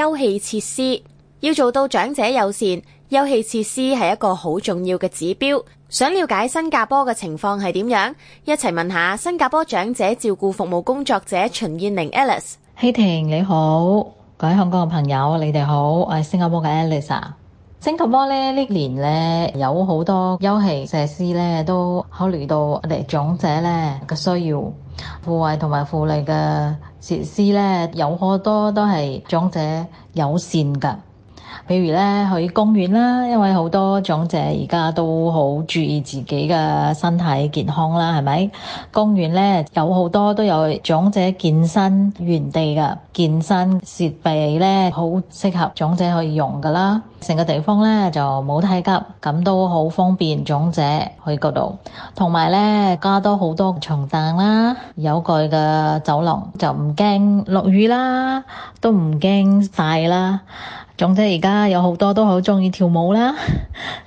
休憩設施要做到長者友善，休憩設施係一個好重要嘅指標。想了解新加坡嘅情況係點樣，一齊問下新加坡長者照顧服務工作者秦燕玲 Alice。希婷你好，各位香港嘅朋友，你哋好。我係新加坡嘅 Alice。新加坡咧呢年咧有好多休憩設施咧都考慮到我哋長者咧嘅需要，護衛同埋福利嘅。設施咧有好多都係長者友善噶。譬如咧去公園啦，因為好多長者而家都好注意自己嘅身體健康啦，係咪公園咧有好多都有長者健身園地嘅健身設備咧，好適合長者可以用噶啦。成個地方咧就冇太急咁，都好方便長者去嗰度。同埋咧加多好多牀凳啦，有蓋嘅走廊就唔驚落雨啦，都唔驚曬啦。總之而家有好多都好鍾意跳舞啦，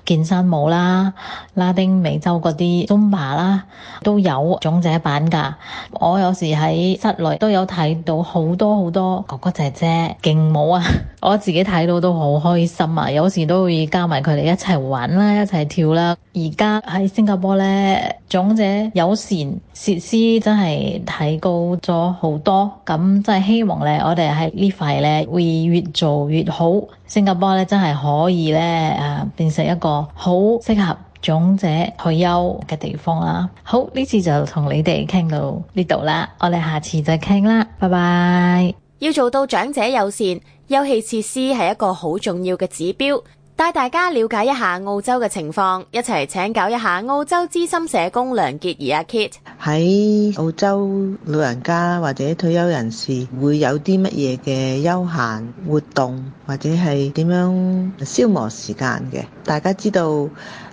健身舞啦、拉丁美洲嗰啲、Zumba 啦，都有總制版㗎。我有時喺室內都有睇到好多好多哥哥姐姐勁舞啊！我自己睇到都好開心啊！有時都會加埋佢哋一齊玩啦，一齊跳啦。而家喺新加坡咧，長者友善設施真係提高咗好多。咁真係希望咧，我哋喺呢塊咧會越做越好。新加坡咧真係可以咧誒、啊、變成一個好適合長者退休嘅地方啦。好，呢次就同你哋傾到呢度啦，我哋下次再傾啦，拜拜。要做到長者友善。休憩設施係一個好重要嘅指標，帶大家了解一下澳洲嘅情況，一齊請教一下澳洲資深社工梁潔儀，阿 Kit。喺澳洲老人家或者退休人士會有啲乜嘢嘅休閒活動或者係點樣消磨時間嘅？大家知道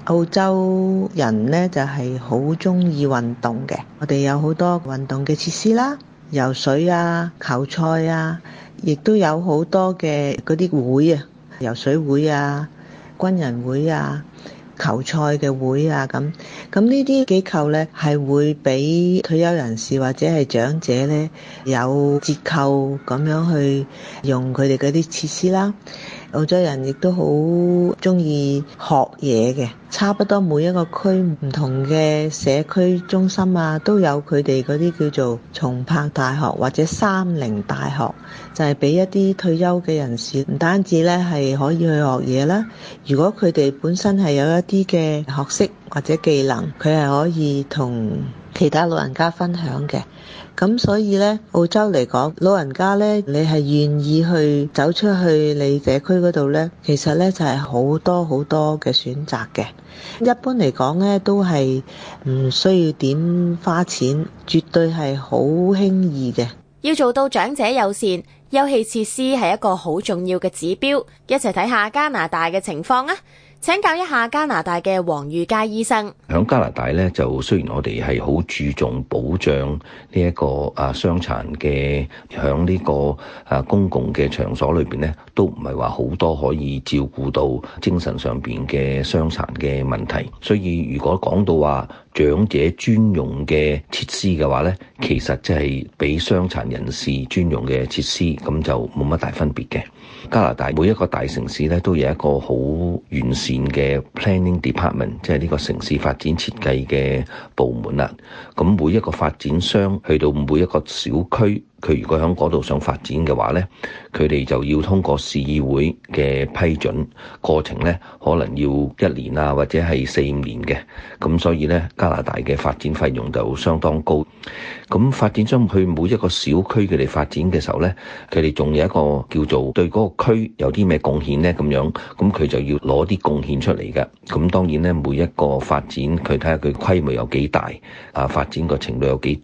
澳洲人呢就係好中意運動嘅，我哋有好多運動嘅設施啦。游水啊，球賽啊，亦都有好多嘅嗰啲會啊，游水會啊，軍人會啊，球賽嘅會啊，咁咁呢啲機構呢，係會俾退休人士或者係長者呢，有折扣咁樣去用佢哋嗰啲設施啦。澳洲人亦都好中意學嘢嘅，差不多每一個區唔同嘅社區中心啊，都有佢哋嗰啲叫做松柏大學或者三齡大學，就係、是、俾一啲退休嘅人士，唔單止咧係可以去學嘢啦。如果佢哋本身係有一啲嘅學識或者技能，佢係可以同其他老人家分享嘅，咁所以咧澳洲嚟講老人家咧，你係願意去走出去你社區嗰度咧，其實咧就係、是、好多好多嘅選擇嘅。一般嚟講咧都係唔需要點花錢，絕對係好輕易嘅。要做到長者友善，休憩設施係一個好重要嘅指標，一齊睇下加拿大嘅情況啊！請教一下加拿大嘅黃玉佳醫生，喺加拿大咧就雖然我哋係好注重保障呢一個誒傷殘嘅，響呢個誒公共嘅場所裏邊咧，都唔係話好多可以照顧到精神上邊嘅傷殘嘅問題，所以如果講到話，長者專用嘅設施嘅話呢，其實即係俾傷殘人士專用嘅設施，咁就冇乜大分別嘅。加拿大每一個大城市咧，都有一個好完善嘅 planning department，即係呢個城市發展設計嘅部門啦。咁每一個發展商去到每一個小區。佢如果響嗰度想發展嘅話，咧，佢哋就要通過市議會嘅批准過程咧，可能要一年啊，或者係四五年嘅。咁所以咧，加拿大嘅發展費用就相當高。咁、嗯、發展商去每一個小區佢哋發展嘅時候咧，佢哋仲有一個叫做對嗰個區有啲咩貢獻咧，咁樣，咁佢就要攞啲貢獻出嚟嘅。咁、嗯、當然咧，每一個發展佢睇下佢規模有幾大啊，發展個程度有幾多，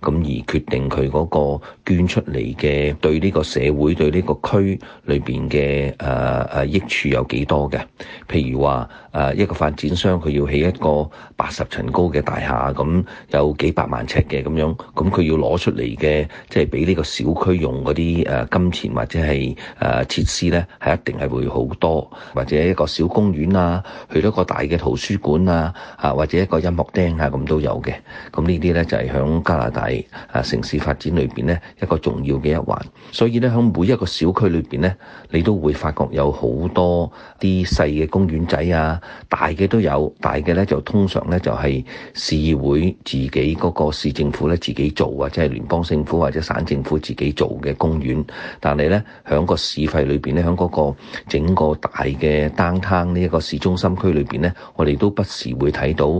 多，咁而決定佢嗰、嗰個。捐出嚟嘅對呢個社會對呢個區裏邊嘅誒誒益處有幾多嘅？譬如話誒、啊、一個發展商佢要起一個八十層高嘅大廈，咁有幾百萬尺嘅咁樣，咁佢要攞出嚟嘅即係俾呢個小區用嗰啲誒金錢或者係誒、啊、設施咧，係一定係會好多，或者一個小公園啊，去到一個大嘅圖書館啊，啊或者一個音樂廳啊咁都有嘅。咁呢啲咧就係、是、喺加拿大啊城市發展裏邊咧。一個重要嘅一環，所以咧喺每一個小區裏邊呢，你都會發覺有好多啲細嘅公園仔啊，大嘅都有，大嘅呢，就通常呢，就係市會自己嗰個市政府呢，自己做啊，即係聯邦政府或者省政府自己做嘅公園。但係呢，喺個市費裏邊呢，喺嗰個整個大嘅 downtown 呢一個市中心區裏邊呢，我哋都不時會睇到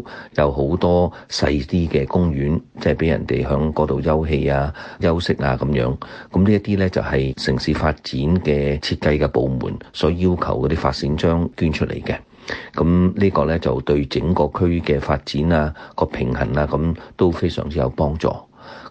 有好多細啲嘅公園，即係俾人哋喺嗰度休憩啊、休息。啊，咁樣，咁呢一啲咧就係城市發展嘅設計嘅部門所要求嗰啲發展商捐出嚟嘅，咁呢個咧就對整個區嘅發展啊、個平衡啊，咁都非常之有幫助。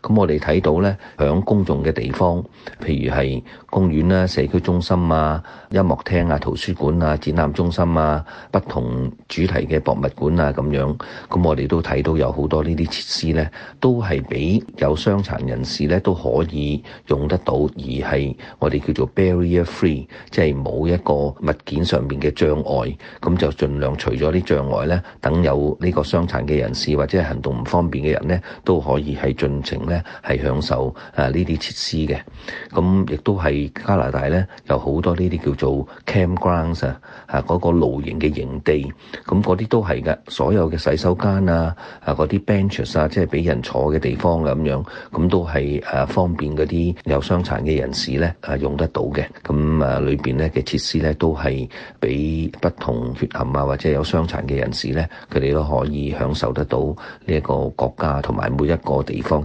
咁我哋睇到呢，響公眾嘅地方，譬如係公園啦、社區中心啊、音樂廳啊、圖書館啊、展覽中心啊，不同主題嘅博物館啊咁樣，咁我哋都睇到有好多呢啲設施呢，都係俾有傷殘人士呢都可以用得到，而係我哋叫做 barrier-free，即係冇一個物件上面嘅障礙，咁就盡量除咗啲障礙呢，等有呢個傷殘嘅人士或者行動唔方便嘅人呢，都可以係盡量。情咧係享受啊呢啲設施嘅，咁亦都係加拿大咧有好多呢啲叫做 campgrounds 啊，啊個露營嘅營地，咁啲都係嘅。所有嘅洗手間啊，啊啲 benches 啊，即係俾人坐嘅地方咁樣，咁都係誒方便啲有傷殘嘅人士咧啊用得到嘅。咁啊裏邊咧嘅設施咧都係俾不同血型啊或者有傷殘嘅人士咧，佢哋都可以享受得到呢一個國家同埋每一個地方。